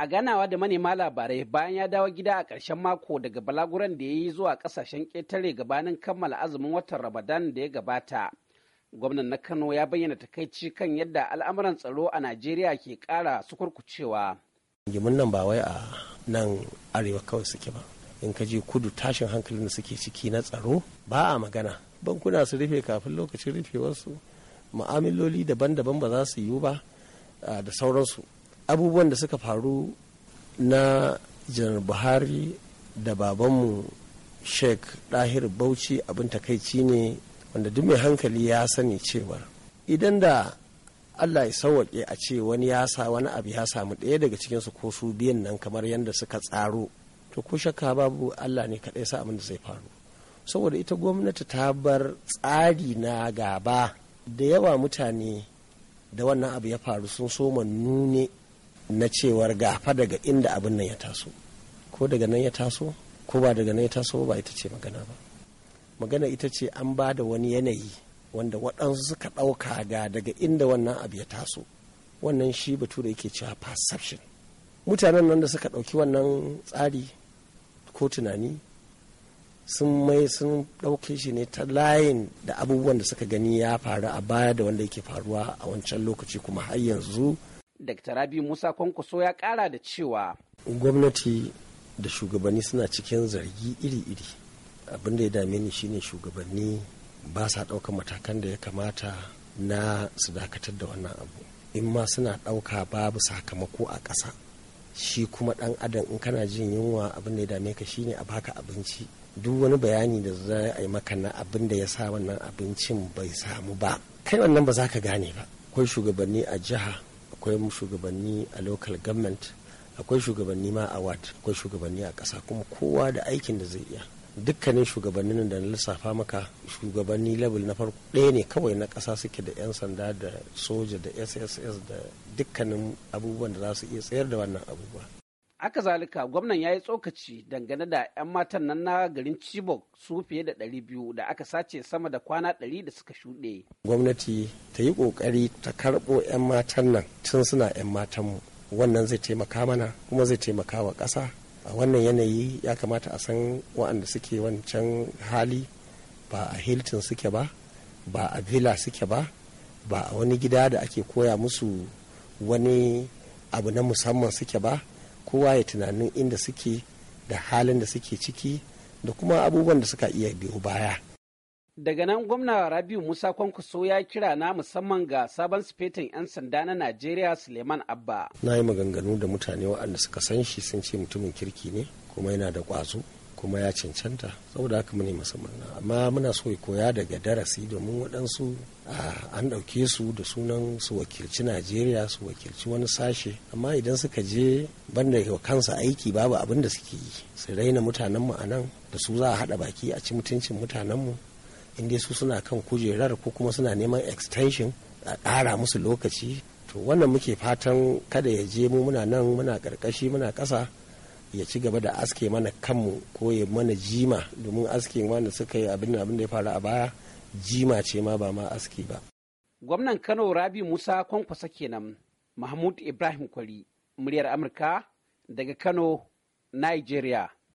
a ganawa da manema labarai bayan ya dawo gida a ƙarshen mako daga balaguran da ya yi zuwa ƙasashen ƙetare gabanin kammala azumin watan ramadan da ya gabata gwamnan na kano ya bayyana takaici kan yadda al'amuran tsaro a najeriya ke ƙara sukurkucewa gimin nan ba wai a nan arewa kawai suke ba in ka je kudu tashin hankalin da suke ciki na tsaro ba a magana bankuna su rufe kafin lokacin rufe wasu ma'amiloli daban-daban ba za su yiwu ba ah, da sauransu abubuwan da suka faru na janar buhari da babanmu sheikh dahir bauchi abin takaici ne wanda duk mai hankali ya sani cewa idan da allah ya sauwaƙe a ce wani ya sa wani abu ya samu ɗaya daga cikinsu ko su biyan nan kamar yadda suka tsaro to ko shakka babu allah ne kaɗai sa abin da zai faru saboda ita gwamnati ta bar tsari na gaba da yawa mutane da wannan abu ya faru sun soma nune na cewar gafa daga inda abin nan ya taso ko daga nan ya taso ko ba daga nan ya taso ba ita ce magana ba magana ita ce an ba da wani yanayi wanda waɗansu suka ɗauka ga daga inda wannan abu ya taso wannan shi batu da yake cewa perception mutanen nan da suka ɗauki wannan tsari ko tunani sun mai sun ɗauke shi ne ta layin da abubuwan da suka gani ya faru a baya da wanda yake faruwa a wancan lokaci kuma har yanzu Dr. Rabi Musa Kwankwaso ya ƙara da cewa. Gwamnati da shugabanni suna cikin zargi iri-iri. Abin da ya dame ni shine shugabanni ba sa ɗauka matakan da ya kamata na su dakatar da wannan abu. In ma suna ɗauka babu sakamako a ƙasa. Shi kuma ɗan adam in kana jin yunwa abin da ya dame ka shine a baka abinci. Duk wani bayani da za a yi maka na abin da ya sa wannan abincin bai samu ba. Kai wannan ba za ka gane ba. Akwai shugabanni a jiha akwai shugabanni a local government akwai shugabanni ma a ward akwai shugabanni a ƙasa kuma kowa da aikin da zai iya dukkanin shugabannin da na lissafa maka shugabanni level na farko ɗaya ne kawai na ƙasa suke da 'yan sanda da soja da sss da dukkanin abubuwan da za su iya tsayar da wannan abubuwa Aka zalika gwamnan ya yi tsokaci dangane da 'yan matan nan na garin Chibok su fiye da 200 da aka sace sama da kwana 100 da suka shuɗe. Gwamnati ta yi ƙoƙari ta karɓo 'yan matan nan tun suna 'yan matanmu. Wannan zai taimaka mana kuma zai taimaka wa ƙasa. A wannan yanayi ya kamata a san waɗanda suke wancan hali ba a Hilton suke ba, ba a Villa suke ba, ba a wani gida da ake koya musu wani abu na musamman suke ba. kowa ya tunanin inda suke da halin da suke ciki da kuma abubuwan da suka iya biyo baya daga nan gwamna rabiu musa kwankwaso ya kira na musamman ga sabon sifetin 'yan sanda na najeriya suleiman abba na yi maganganu da mutane waɗanda suka san shi sun ce mutumin kirki ne kuma yana da ƙwazo kuma ya cancanta saboda haka muni masu murna amma muna so koya daga darasi domin waɗansu an ɗauke su da sunan su wakilci najeriya su wakilci wani sashe amma idan suka je banda yau kansa aiki babu abin da suke yi su raina mutanenmu a nan da su za a haɗa baki a ci mutuncin mutanenmu dai su suna kan kujerar ko kuma suna neman extension a ƙara musu lokaci to wannan muke fatan kada ya je mu muna nan muna ƙarƙashi muna ƙasa ya ci gaba da aske mana kanmu ko ya mana jima domin aske wanda suka yi abin abin da ya faru a baya jima ce ma ba ma aski ba. Gwamnan Kano Rabi Musa Kwankwasa kenan Mahmud Ibrahim Kwari muryar Amurka daga Kano, Nigeria.